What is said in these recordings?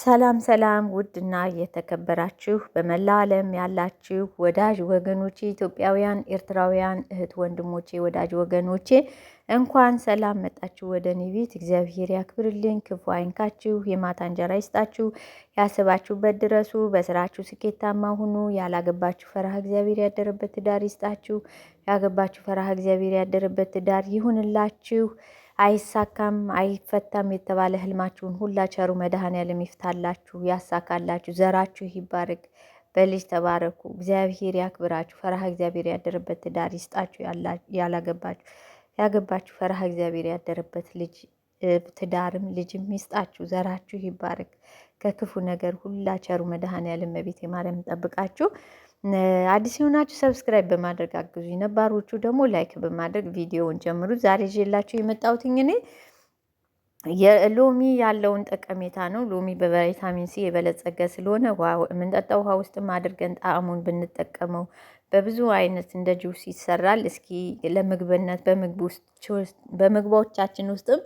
ሰላም ሰላም ውድና እየተከበራችሁ በመላ ዓለም ያላችሁ ወዳጅ ወገኖቼ ኢትዮጵያውያን፣ ኤርትራውያን እህት ወንድሞቼ፣ ወዳጅ ወገኖቼ እንኳን ሰላም መጣችሁ ወደ እኔ ቤት። እግዚአብሔር ያክብርልኝ፣ ክፉ አይንካችሁ፣ የማታ እንጀራ ይስጣችሁ፣ ያስባችሁበት ድረሱ፣ በስራችሁ ስኬታማ ሁኑ። ያላገባችሁ ፈሪሃ እግዚአብሔር ያደረበት ትዳር ይስጣችሁ፣ ያገባችሁ ፈሪሃ እግዚአብሔር ያደረበት ትዳር ይሁንላችሁ። አይሳካም አይፈታም የተባለ ህልማችሁን ሁላ ቸሩ መድኃኔዓለም ይፍታላችሁ፣ ያሳካላችሁ፣ ዘራችሁ ይባረክ፣ በልጅ ተባረኩ፣ እግዚአብሔር ያክብራችሁ፣ ፈረሃ እግዚአብሔር ያደረበት ትዳር ይስጣችሁ፣ ያላገባችሁ ያገባችሁ ፈርሃ እግዚአብሔር ያደረበት ልጅ ትዳርም ልጅም ይስጣችሁ፣ ዘራችሁ ይባረክ፣ ከክፉ ነገር ሁላ ቸሩ መድኃኔዓለም እመቤቴ ማርያም ጠብቃችሁ። አዲስ የሆናችሁ ሰብስክራይብ በማድረግ አግዙ ነባሮቹ ደግሞ ላይክ በማድረግ ቪዲዮውን ጀምሩ። ዛሬ ይዤላችሁ የመጣሁት እኔ የሎሚ ያለውን ጠቀሜታ ነው። ሎሚ በቫይታሚን ሲ የበለጸገ ስለሆነ የምንጠጣው ውሃ ውስጥም አድርገን ጣዕሙን ብንጠቀመው በብዙ አይነት እንደ ጁስ ይሰራል። እስኪ ለምግብነት በምግቦቻችን ውስጥም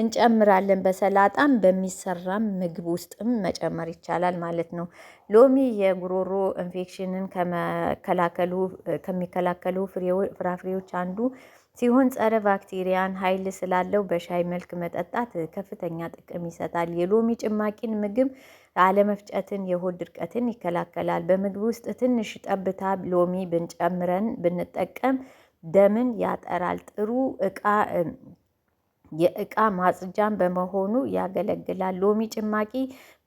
እንጨምራለን። በሰላጣም በሚሰራም ምግብ ውስጥም መጨመር ይቻላል ማለት ነው። ሎሚ የጉሮሮ ኢንፌክሽንን ከመከላከሉ ከሚከላከሉ ፍራፍሬዎች አንዱ ሲሆን ፀረ ባክቴሪያን ሀይል ስላለው በሻይ መልክ መጠጣት ከፍተኛ ጥቅም ይሰጣል። የሎሚ ጭማቂን ምግብ አለመፍጨትን የሆድ ድርቀትን ይከላከላል። በምግብ ውስጥ ትንሽ ጠብታ ሎሚ ብንጨምረን ብንጠቀም ደምን ያጠራል። ጥሩ እቃ የእቃ ማጽጃን በመሆኑ ያገለግላል። ሎሚ ጭማቂ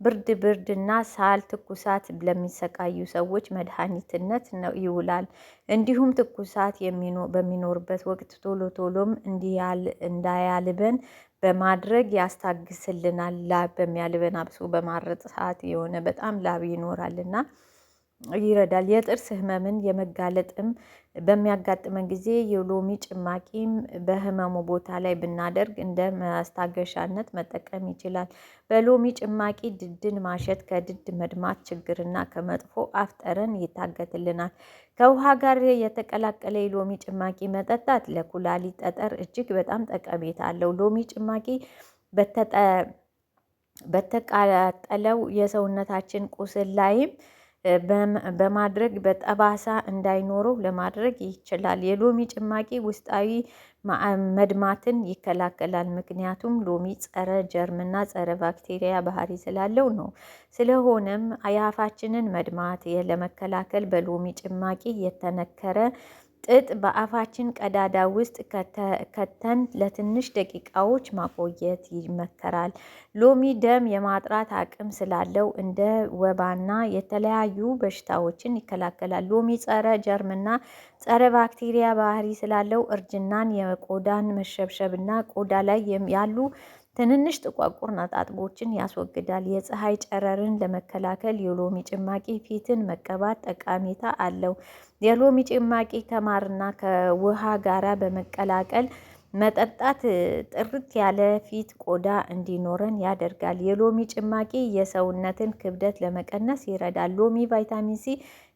ብርድ ብርድ እና ሳል ትኩሳት ለሚሰቃዩ ሰዎች መድኃኒትነት ነው ይውላል። እንዲሁም ትኩሳት በሚኖርበት ወቅት ቶሎ ቶሎም እንዳያልበን በማድረግ ያስታግስልናል። ላብ በሚያልበን አብሶ በማረጥ ሰዓት የሆነ በጣም ላብ ይኖራልና ይረዳል። የጥርስ ህመምን የመጋለጥም በሚያጋጥመን ጊዜ የሎሚ ጭማቂም በህመሙ ቦታ ላይ ብናደርግ እንደ ማስታገሻነት መጠቀም ይችላል። በሎሚ ጭማቂ ድድን ማሸት ከድድ መድማት ችግርና ከመጥፎ አፍጠረን ይታገትልናል። ከውሃ ጋር የተቀላቀለ የሎሚ ጭማቂ መጠጣት ለኩላሊት ጠጠር እጅግ በጣም ጠቀሜታ አለው። ሎሚ ጭማቂ በተቃጠለው የሰውነታችን ቁስል ላይም በማድረግ በጠባሳ እንዳይኖረው ለማድረግ ይችላል። የሎሚ ጭማቂ ውስጣዊ መድማትን ይከላከላል። ምክንያቱም ሎሚ ጸረ ጀርምና ጸረ ባክቴሪያ ባህሪ ስላለው ነው። ስለሆነም የአፋችንን መድማት ለመከላከል በሎሚ ጭማቂ የተነከረ ጥጥ በአፋችን ቀዳዳ ውስጥ ከተን ለትንሽ ደቂቃዎች ማቆየት ይመከራል። ሎሚ ደም የማጥራት አቅም ስላለው እንደ ወባና የተለያዩ በሽታዎችን ይከላከላል። ሎሚ ጸረ ጀርምና ጸረ ባክቴሪያ ባህሪ ስላለው እርጅናን፣ የቆዳን መሸብሸብና ቆዳ ላይ ያሉ ትንንሽ ጥቋቁር ነጣጥቦችን ያስወግዳል። የፀሐይ ጨረርን ለመከላከል የሎሚ ጭማቂ ፊትን መቀባት ጠቀሜታ አለው። የሎሚ ጭማቂ ከማርና ከውሃ ጋራ በመቀላቀል መጠጣት ጥርት ያለ ፊት ቆዳ እንዲኖረን ያደርጋል። የሎሚ ጭማቂ የሰውነትን ክብደት ለመቀነስ ይረዳል። ሎሚ ቫይታሚን ሲ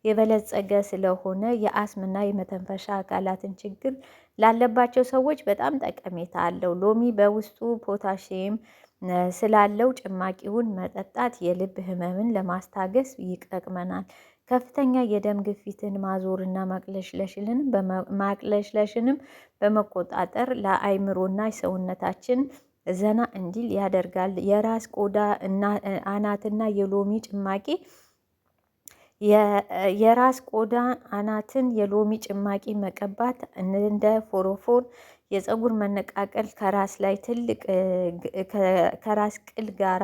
የበለጸገ ስለሆነ የአስምና የመተንፈሻ አካላትን ችግር ላለባቸው ሰዎች በጣም ጠቀሜታ አለው። ሎሚ በውስጡ ፖታሽም ስላለው ጭማቂውን መጠጣት የልብ ህመምን ለማስታገስ ይጠቅመናል። ከፍተኛ የደም ግፊትን ማዞርና ማቅለሽለሽንም በመቆጣጠር ለአይምሮና ሰውነታችን ዘና እንዲል ያደርጋል። የራስ ቆዳ አናትና የሎሚ ጭማቂ የራስ ቆዳ አናትን የሎሚ ጭማቂ መቀባት እንደ ፎሮፎር የፀጉር መነቃቀል ከራስ ላይ ትልቅ ከራስ ቅል ጋራ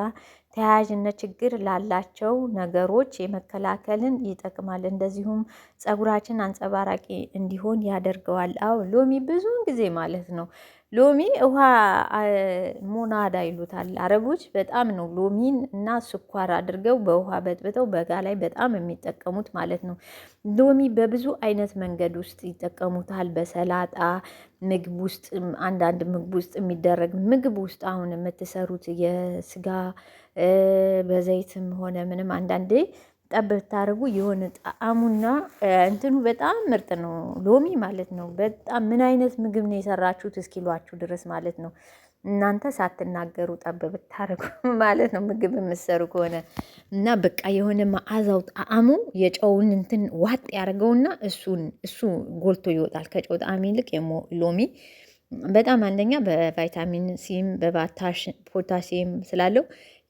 ተያያዥነት ችግር ላላቸው ነገሮች የመከላከልን ይጠቅማል። እንደዚሁም ፀጉራችን አንጸባራቂ እንዲሆን ያደርገዋል። አው ሎሚ ብዙውን ጊዜ ማለት ነው ሎሚ ውሃ ሞናዳ ይሉታል አረቦች። በጣም ነው ሎሚን እና ስኳር አድርገው በውሃ በጥብጠው በጋ ላይ በጣም የሚጠቀሙት ማለት ነው። ሎሚ በብዙ አይነት መንገድ ውስጥ ይጠቀሙታል። በሰላጣ ምግብ ውስጥ አንዳንድ ምግብ ውስጥ የሚደረግ ምግብ ውስጥ አሁን የምትሰሩት የስጋ በዘይትም ሆነ ምንም አንዳንዴ ጠብ ብታደርጉ የሆነ ጣዕሙና እንትኑ በጣም ምርጥ ነው። ሎሚ ማለት ነው። በጣም ምን አይነት ምግብ ነው የሰራችሁት እስኪሏችሁ ድረስ ማለት ነው። እናንተ ሳትናገሩ ጠብ ብታደርጉ ማለት ነው። ምግብ የምትሰሩ ከሆነ እና በቃ የሆነ መዓዛው ጣዕሙ የጨውን እንትን ዋጥ ያደርገውና እሱን እሱ ጎልቶ ይወጣል። ከጨው ጣዕም ይልቅ ሎሚ በጣም አንደኛ በቫይታሚን ሲም በባታሽ ስላለው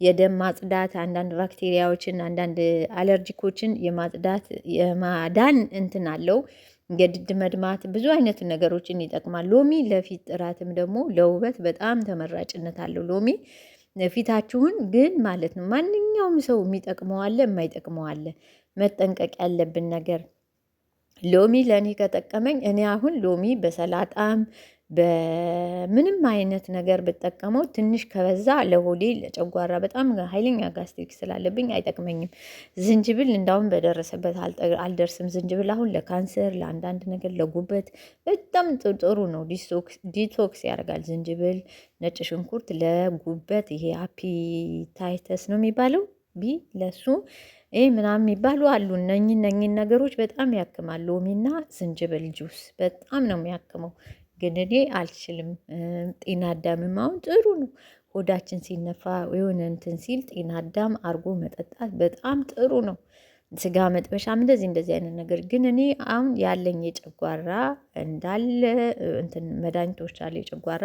የደም ማጽዳት አንዳንድ ባክቴሪያዎችን አንዳንድ አለርጂኮችን የማጽዳት የማዳን እንትን አለው። የድድ መድማት ብዙ አይነት ነገሮችን ይጠቅማል። ሎሚ ለፊት ጥራትም ደግሞ ለውበት በጣም ተመራጭነት አለው። ሎሚ ፊታችሁን ግን ማለት ነው ማንኛውም ሰው የሚጠቅመው አለ፣ የማይጠቅመው አለ። መጠንቀቅ ያለብን ነገር ሎሚ ለእኔ ከጠቀመኝ እኔ አሁን ሎሚ በሰላጣም በምንም አይነት ነገር ብጠቀመው ትንሽ ከበዛ ለሆዴ ለጨጓራ በጣም ኃይለኛ ጋስትሪክ ስላለብኝ አይጠቅመኝም። ዝንጅብል እንዳሁን በደረሰበት አልደርስም። ዝንጅብል አሁን ለካንሰር፣ ለአንዳንድ ነገር፣ ለጉበት በጣም ጥሩ ነው። ዲቶክስ ያደርጋል። ዝንጅብል፣ ነጭ ሽንኩርት ለጉበት ይሄ አፒታይተስ ነው የሚባለው ቢ ለሱ ይህ ምናምን የሚባሉ አሉ። እነኝን ነገሮች በጣም ያክማል። ሎሚና ዝንጅብል ጁስ በጣም ነው የሚያክመው። ግን እኔ አልችልም። ጤና አዳምም አሁን ጥሩ ነው። ሆዳችን ሲነፋ የሆነ እንትን ሲል ጤና አዳም አርጎ መጠጣት በጣም ጥሩ ነው። ስጋ መጥበሻም እንደዚህ እንደዚህ አይነት ነገር ግን እኔ አሁን ያለኝ የጨጓራ እንዳለ እንትን መድኃኒቶች አለ የጨጓራ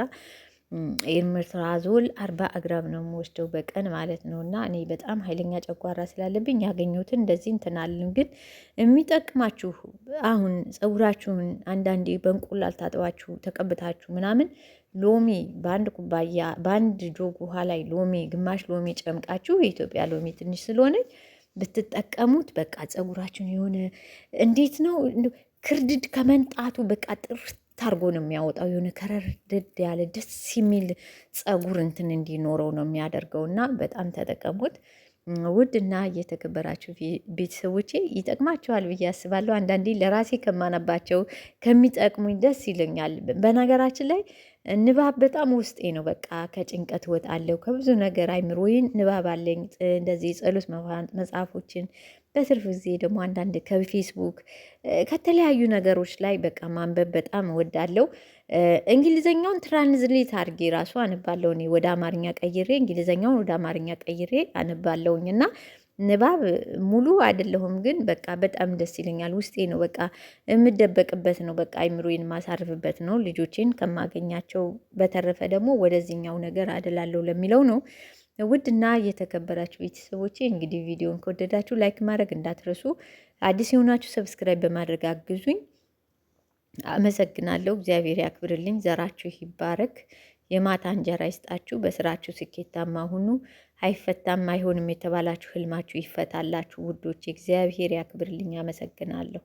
ኤርሜትራዞል አርባ ግራም ነው የምወስደው በቀን ማለት ነው። እና እኔ በጣም ኃይለኛ ጨጓራ ስላለብኝ ያገኘሁትን እንደዚህ እንትናልን። ግን የሚጠቅማችሁ አሁን ጸጉራችሁን አንዳንዴ በእንቁላል ታጥባችሁ ተቀብታችሁ ምናምን ሎሚ በአንድ ኩባያ በአንድ ጆግ ውሃ ላይ ሎሚ ግማሽ ሎሚ ጨምቃችሁ የኢትዮጵያ ሎሚ ትንሽ ስለሆነች ብትጠቀሙት በቃ ጸጉራችሁን የሆነ እንዴት ነው ክርድድ ከመንጣቱ በቃ ጥርት አርጎ ነው የሚያወጣው። የሆነ ከረርድድ ያለ ደስ የሚል ጸጉር እንትን እንዲኖረው ነው የሚያደርገው እና በጣም ተጠቀሙት። ውድ እና እየተከበራችሁ ቤተሰቦቼ ይጠቅማችኋል ብዬ አስባለሁ። አንዳንዴ ለራሴ ከማነባቸው ከሚጠቅሙኝ ደስ ይለኛል። በነገራችን ላይ ንባብ በጣም ውስጤ ነው። በቃ ከጭንቀት ወጣለሁ፣ ከብዙ ነገር አይምሮዬን ንባብ አለኝ። እንደዚህ የጸሎት መጽሐፎችን በትርፍ ጊዜ ደግሞ አንዳንድ ከፌስቡክ ከተለያዩ ነገሮች ላይ በቃ ማንበብ በጣም እወዳለሁ። እንግሊዘኛውን ትራንዝሌት አድርጌ ራሱ አነባለሁ። እኔ ወደ አማርኛ ቀይሬ እንግሊዘኛውን ወደ አማርኛ ቀይሬ አነባለሁኝ እና ንባብ ሙሉ አይደለሁም፣ ግን በቃ በጣም ደስ ይለኛል። ውስጤ ነው በቃ የምደበቅበት ነው፣ በቃ አይምሮዬን ማሳርፍበት ነው። ልጆቼን ከማገኛቸው በተረፈ ደግሞ ወደዚህኛው ነገር አደላለሁ ለሚለው ነው። ውድና የተከበራችሁ ቤተሰቦቼ እንግዲህ ቪዲዮን ከወደዳችሁ ላይክ ማድረግ እንዳትረሱ፣ አዲስ የሆናችሁ ሰብስክራይብ በማድረግ አግዙኝ። አመሰግናለሁ። እግዚአብሔር ያክብርልኝ፣ ዘራችሁ ይባረክ፣ የማታ እንጀራ ይስጣችሁ፣ በስራችሁ ስኬታማ ሁኑ። አይፈታም አይሆንም የተባላችሁ ህልማችሁ ይፈታላችሁ ውዶች። እግዚአብሔር ያክብርልኝ። አመሰግናለሁ።